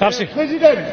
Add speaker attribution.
Speaker 1: Herr Präsident!